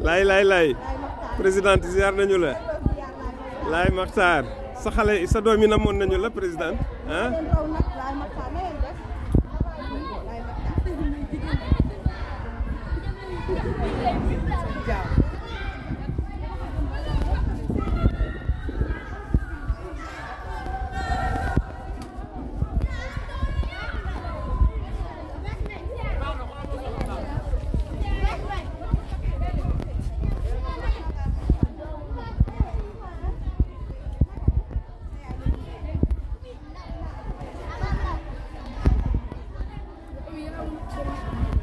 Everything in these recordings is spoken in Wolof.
lay lay lay présidente ziar nañu la lay maxtar sa xalé sa doom namon nañu la hein Yeah. Thank you.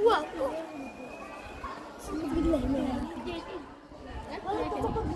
Wow.